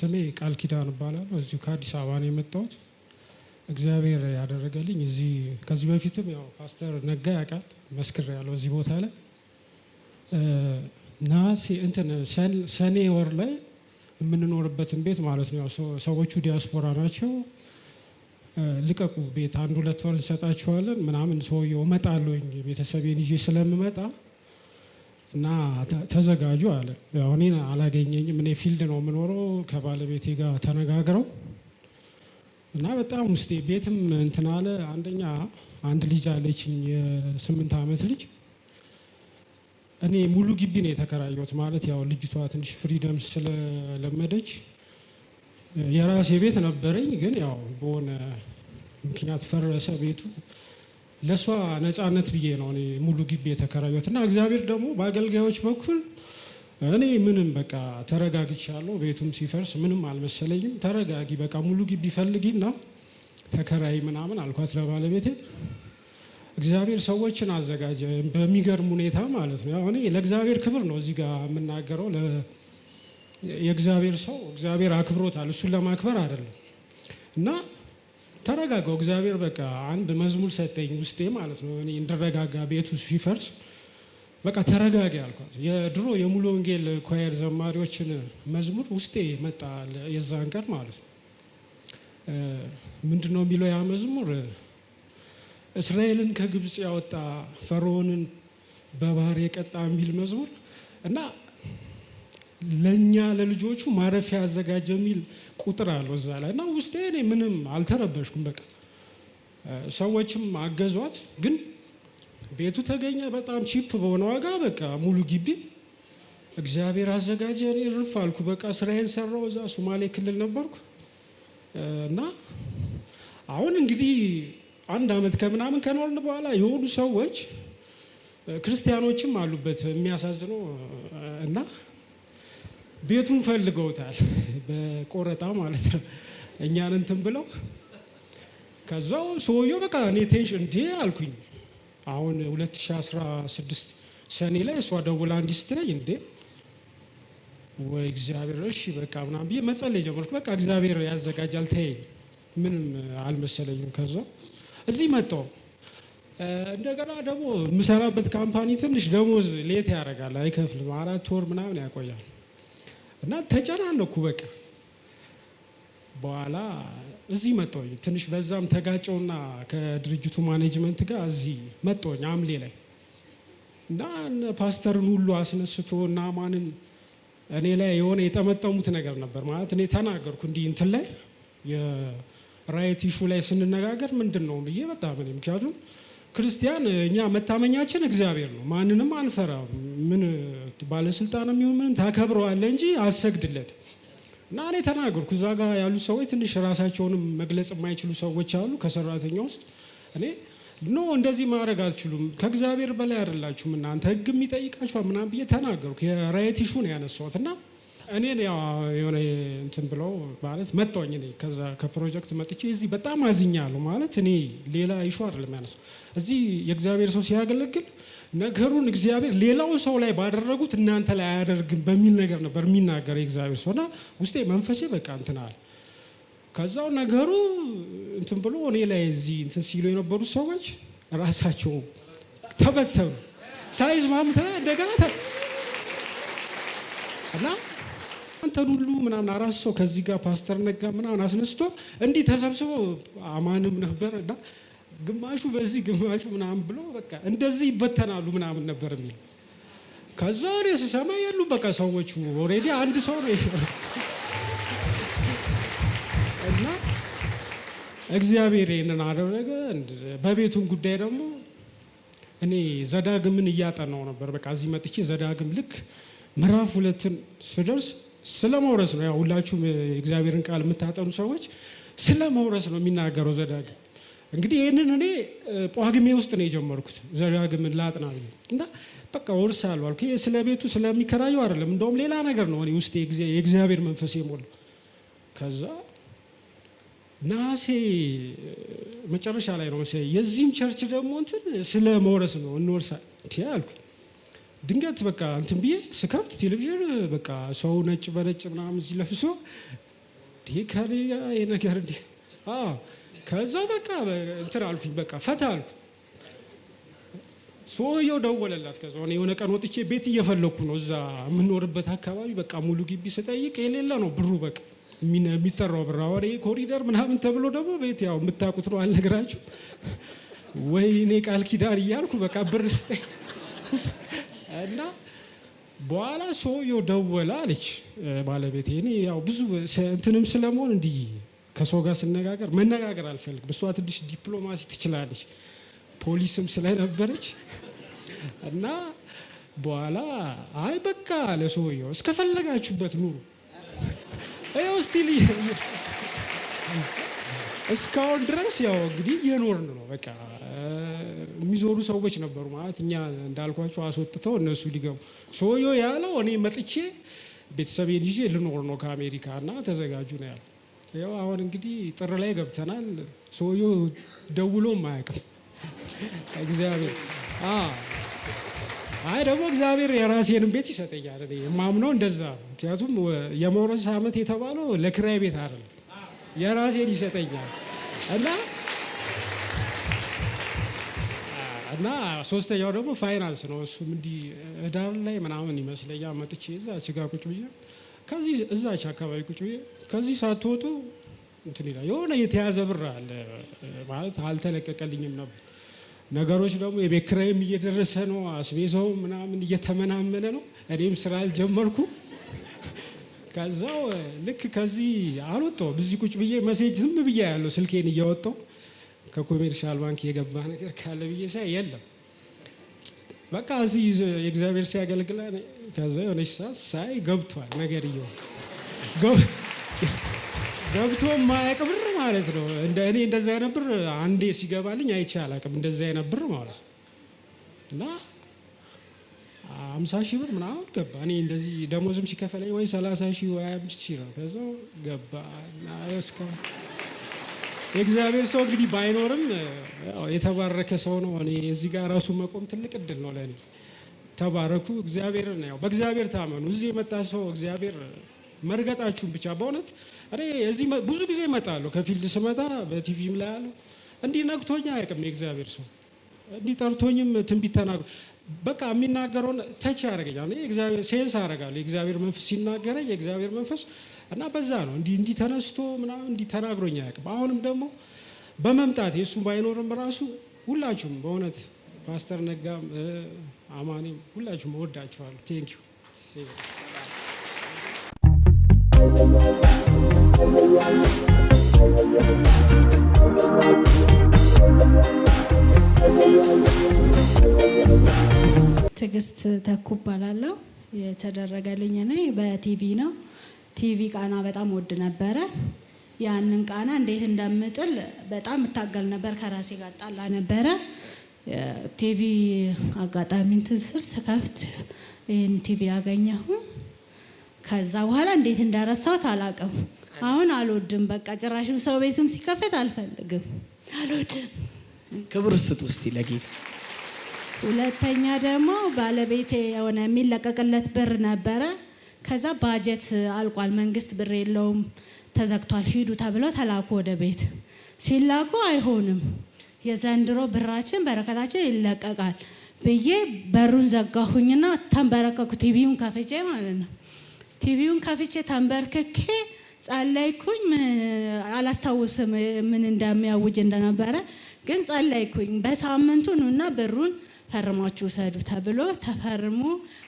ስሜ ቃል ኪዳን እባላለሁ። እዚሁ ከአዲስ አበባ ነው የመጣሁት። እግዚአብሔር ያደረገልኝ እዚህ ከዚህ በፊትም ያው ፓስተር ነጋ ያውቃል መስክር ያለው እዚህ ቦታ ላይ ነሐሴ እንትን ሰኔ ወር ላይ የምንኖርበትን ቤት ማለት ነው። ሰዎቹ ዲያስፖራ ናቸው። ልቀቁ ቤት አንድ ሁለት ወር እንሰጣችኋለን ምናምን ሰውየው እመጣለሁ ቤተሰቤን ይዤ ስለምመጣ እና ተዘጋጁ አለ። ያው እኔን አላገኘኝም። እኔ ፊልድ ነው የምኖረው ከባለቤቴ ጋር ተነጋግረው እና በጣም ውስጤ ቤትም እንትን አለ። አንደኛ አንድ ልጅ አለችኝ የስምንት ዓመት ልጅ። እኔ ሙሉ ግቢ ነው የተከራየሁት። ማለት ያው ልጅቷ ትንሽ ፍሪደም ስለለመደች የራሴ ቤት ነበረኝ፣ ግን ያው በሆነ ምክንያት ፈረሰ ቤቱ። ለእሷ ነፃነት ብዬ ነው እኔ ሙሉ ግቢ የተከራዩት እና እግዚአብሔር ደግሞ በአገልጋዮች በኩል እኔ ምንም በቃ ተረጋግቻለሁ። ቤቱም ሲፈርስ ምንም አልመሰለኝም። ተረጋጊ በቃ ሙሉ ግቢ ፈልጊና ተከራይ ምናምን አልኳት ለባለቤቴ። እግዚአብሔር ሰዎችን አዘጋጀ በሚገርም ሁኔታ ማለት ነው። እኔ ለእግዚአብሔር ክብር ነው እዚህ ጋር የምናገረው። የእግዚአብሔር ሰው እግዚአብሔር አክብሮታል፣ እሱን ለማክበር አይደለም እና ተረጋጋው። እግዚአብሔር በቃ አንድ መዝሙር ሰጠኝ ውስጤ ማለት ነው እኔ እንድረጋጋ ቤቱ ሲፈርስ በቃ ተረጋጋ ያልኳት የድሮ የሙሉ ወንጌል ኳየር ዘማሪዎችን መዝሙር ውስጤ መጣ የዛን ቀን ማለት ነው። ምንድ ነው የሚለው ያ መዝሙር? እስራኤልን ከግብፅ ያወጣ ፈርዖንን በባህር የቀጣ የሚል መዝሙር እና ለእኛ ለልጆቹ ማረፊያ ያዘጋጀ የሚል ቁጥር አለው እዛ ላይ እና ውስጤ እኔ ምንም አልተረበሽኩም። በቃ ሰዎችም አገዟት፣ ግን ቤቱ ተገኘ በጣም ቺፕ በሆነ ዋጋ። በቃ ሙሉ ግቢ እግዚአብሔር አዘጋጀ። እኔ ርፍ አልኩ። በቃ ስራዬን ሰራው። እዛ ሶማሌ ክልል ነበርኩ እና አሁን እንግዲህ አንድ አመት ከምናምን ከኖርን በኋላ የሆኑ ሰዎች ክርስቲያኖችም አሉበት የሚያሳዝነው እና ቤቱን ፈልገውታል በቆረጣ ማለት ነው። እኛን እንትን ብለው ከዛው ሰውየው በቃ እኔ ቴንሽን እንዲ አልኩኝ። አሁን 2016 ሰኔ ላይ እሷ ደውላ እንዲህ ስትለኝ እንዴ ወይ እግዚአብሔር እሺ በቃ ምናም ብዬ መጸለይ ጀመርኩ። በቃ እግዚአብሔር ያዘጋጃል ተይኝ ምንም አልመሰለኝም። ከዛ እዚህ መጣው እንደገና ደግሞ የምሰራበት ካምፓኒ ትንሽ ደሞዝ ሌት ያደርጋል አይከፍልም። አራት ወር ምናምን ያቆያል። እና ተጨላለኩ በቃ። በኋላ እዚህ መጣሁኝ። ትንሽ በዛም ተጋጨውና ከድርጅቱ ማኔጅመንት ጋር እዚህ መጣሁኝ ሐምሌ ላይ እና ፓስተርን ሁሉ አስነስቶ እና ማንን እኔ ላይ የሆነ የጠመጠሙት ነገር ነበር ማለት እኔ ተናገርኩ እንዲህ እንትን ላይ የራይት ኢሹ ላይ ስንነጋገር ምንድን ነው ብዬ በጣም እኔ ምክንያቱም ክርስቲያን እኛ መታመኛችን እግዚአብሔር ነው። ማንንም አንፈራ ምን ባለስልጣን የሚሆን ምንም ታከብረዋለ እንጂ አሰግድለት እና እኔ ተናገርኩ። እዛ ጋ ያሉ ሰዎች ትንሽ ራሳቸውንም መግለጽ የማይችሉ ሰዎች አሉ ከሰራተኛ ውስጥ እኔ ኖ እንደዚህ ማድረግ አትችሉም፣ ከእግዚአብሔር በላይ አይደላችሁም እናንተ ህግ የሚጠይቃችኋል ምናምን ብዬ ተናገርኩ። የራየት ሹ ነው ያነሳሁት እና እኔን ያው የሆነ እንትን ብለው ማለት መጣኝ እኔ ከዛ ከፕሮጀክት መጥቼ እዚህ በጣም አዝኛለሁ። ማለት እኔ ሌላ ይሹ አይደለም ያነሳው እዚህ የእግዚአብሔር ሰው ሲያገለግል ነገሩን እግዚአብሔር ሌላው ሰው ላይ ባደረጉት እናንተ ላይ አያደርግም በሚል ነገር ነበር የሚናገር የእግዚአብሔር ሰው እና ውስጤ መንፈሴ በቃ እንትን አለ። ከዛው ነገሩ እንትን ብሎ እኔ ላይ እዚህ እንትን ሲሉ የነበሩት ሰዎች ራሳቸው ተበተኑ ሳይዝ ማምታ እንደገና እና አንተን ሁሉ ምናምን አራት ሰው ከዚህ ጋር ፓስተር ነጋ ምናምን አስነስቶ እንዲህ ተሰብስቦ አማንም ነበር እና ግማሹ በዚህ ግማሹ ምናምን ብሎ በቃ እንደዚህ ይበተናሉ ምናምን ነበር የሚል። ከዛ ወሬ ስሰማ ያሉ በቃ ሰዎቹ ኦልሬዲ አንድ ሰው ነው እና እግዚአብሔር ይህንን አደረገ። በቤቱን ጉዳይ ደግሞ እኔ ዘዳግምን እያጠናው ነበር። በቃ እዚህ መጥቼ ዘዳግም ልክ ምዕራፍ ሁለትን ስደርስ ስለ መውረስ ነው። ያው ሁላችሁም የእግዚአብሔርን ቃል የምታጠኑ ሰዎች ስለ መውረስ ነው የሚናገረው ዘዳግም። እንግዲህ ይህንን እኔ ጳጉሜ ውስጥ ነው የጀመርኩት ዘዳግምን ላጥና እና በቃ ወርስ አሉ አልኩ። ስለ ቤቱ ስለሚከራየው አይደለም፣ እንደውም ሌላ ነገር ነው እኔ ውስጥ የእግዚአብሔር መንፈስ የሞላው። ከዛ ነሐሴ መጨረሻ ላይ ነው የዚህም ቸርች ደግሞ እንትን ስለ መውረስ ነው እንወርሳ አልኩ። ድንገት በቃ እንትን ብዬ ስከፍት ቴሌቪዥን በቃ ሰው ነጭ በነጭ ምናምን ለብሶ ከሌ ነገር እንዴት ከዛ በቃ እንትን አልኩኝ፣ በቃ ፈታ አልኩ። ሰውየው ደወለላት። ከዛ ሆነ የሆነ ቀን ወጥቼ ቤት እየፈለኩ ነው እዛ የምኖርበት አካባቢ በቃ ሙሉ ግቢ ስጠይቅ የሌለ ነው ብሩ በቃ የሚጠራው ብር አወሬ ኮሪደር ምናምን ተብሎ ደግሞ ቤት ያው የምታውቁት ነው አልነግራችሁ። እኔ ቃል ኪዳን እያልኩ በቃ ብር ስጠይቅ እና በኋላ ሰውየው ደወለ አለች ባለቤቴ። እኔ ያው ብዙ እንትንም ስለመሆን እንዲህ ከሰው ጋር ስነጋገር መነጋገር አልፈልግም። እሷ ትንሽ ዲፕሎማሲ ትችላለች፣ ፖሊስም ስለነበረች እና በኋላ አይ በቃ ለሰውዬው እስከፈለጋችሁበት ኑሩ ያው ስቲል እስካሁን ድረስ ያው እንግዲህ የኖርን ነው በቃ የሚዞሩ ሰዎች ነበሩ። ማለት እኛ እንዳልኳቸው አስወጥተው እነሱ ሊገቡ ሰውዬው ያለው እኔ መጥቼ ቤተሰቤን ይዤ ልኖር ነው ከአሜሪካ እና ተዘጋጁ ነው ያለ። ያው አሁን እንግዲህ ጥር ላይ ገብተናል። ሰውዬው ደውሎም አያውቅም። እግዚአብሔር አይ ደግሞ እግዚአብሔር የራሴንም ቤት ይሰጠኛል። የማምነው እንደዛ ነው። ምክንያቱም የመውረስ ዓመት የተባለው ለክራይ ቤት አይደለም፣ የራሴን ይሰጠኛል እና እና ሶስተኛው ደግሞ ፋይናንስ ነው። እሱም እንዲህ እዳር ላይ ምናምን ይመስለኛል መጥቼ እዛች ጋ ቁጭ ብዬ ከዚህ እዛች አካባቢ ቁጭ ብዬ ከዚህ ሳትወጡ እንትን ይላል የሆነ የተያዘ ብር አለ ማለት አልተለቀቀልኝም ነበር። ነገሮች ደግሞ የቤት ኪራይም እየደረሰ ነው፣ አስቤዛው ምናምን እየተመናመነ ነው። እኔም ስራ አልጀመርኩ። ከዛው ልክ ከዚህ አልወጣሁም። እዚህ ቁጭ ብዬ መሴጅ ዝም ብዬ ያለው ስልኬን እያወጣሁ ከኮሜርሻል ባንክ የገባ ነገር ካለ ብዬ ሳይ የለም። በቃ እዚህ የእግዚአብሔር ሲያገልግለን ከዛ የሆነች ሰዓት ሳይ ገብቷል ነገር እየው ገብቶ ማያቅ ብር ማለት ነው። እንደ እኔ እንደዛ አይነት ብር አንዴ ሲገባልኝ አይቼ አላቅም። እንደዛ አይነት ብር ማለት ነው እና አምሳ ሺህ ብር ምናምን ገባ። እኔ እንደዚህ ደሞዝም ሲከፈለኝ ወይ ሰላሳ ሺህ ወይ አምስት ሺህ ነው። ከዛ ገባ እና እስካሁን የእግዚአብሔር ሰው እንግዲህ ባይኖርም የተባረከ ሰው ነው። እኔ እዚህ ጋር ራሱ መቆም ትልቅ እድል ነው ለእኔ። ተባረኩ። እግዚአብሔር ነው። በእግዚአብሔር ታመኑ። እዚህ የመጣ ሰው እግዚአብሔር መርገጣችሁን ብቻ በእውነት እኔ እዚህ ብዙ ጊዜ እመጣለሁ። ከፊልድ ስመጣ በቲቪም ላይ አሉ እንዲህ ነግቶኛ አያውቅም የእግዚአብሔር ሰው እንዲህ ጠርቶኝም ትንቢት ተናግሮ በቃ የሚናገረውን ተች ያደረገኛል። ሴንስ አደርጋለሁ የእግዚአብሔር መንፈስ ሲናገረኝ የእግዚአብሔር መንፈስ እና በዛ ነው እንዲህ ተነስቶ ምናምን እንዲህ ተናግሮኝ አያውቅም። አሁንም ደግሞ በመምጣት የእሱ ባይኖርም ራሱ ሁላችሁም በእውነት ፓስተር ነጋም አማኔም ሁላችሁም እወዳችኋለሁ። ቴንክ ዩ ትዕግስት ተኩ እባላለሁ። የተደረገልኝ እኔ በቲቪ ነው። ቲቪ ቃና በጣም ወድ ነበረ። ያንን ቃና እንዴት እንደምጥል በጣም እታገል ነበር። ከራሴ ጋር ጣላ ነበረ። ቲቪ አጋጣሚ እንትን ስከፍት ይህን ቲቪ ያገኘሁ። ከዛ በኋላ እንዴት እንዳረሳሁት አላውቅም። አሁን አልወድም። በቃ ጭራሽ ሰው ቤትም ሲከፈት አልፈልግም፣ አልወድም። ክብር ስጥ ውስጥ ለጌታ። ሁለተኛ ደግሞ ባለቤቴ የሆነ የሚለቀቅለት ብር ነበረ ከዛ ባጀት አልቋል፣ መንግስት ብር የለውም ተዘግቷል፣ ሂዱ ተብሎ ተላኩ ወደ ቤት። ሲላኩ አይሆንም የዘንድሮ ብራችን በረከታችን ይለቀቃል ብዬ በሩን ዘጋሁኝና ተንበረከኩ። ቲቪውን ከፍቼ ማለት ነው። ቲቪውን ከፍቼ ተንበርክኬ ጸለይኩኝ። አላስታውስም፣ ምን እንደሚያውጅ እንደነበረ ግን ጸለይኩኝ። በሳምንቱ ኑና ብሩን ፈርማችሁ ውሰዱ ተብሎ ተፈርሞ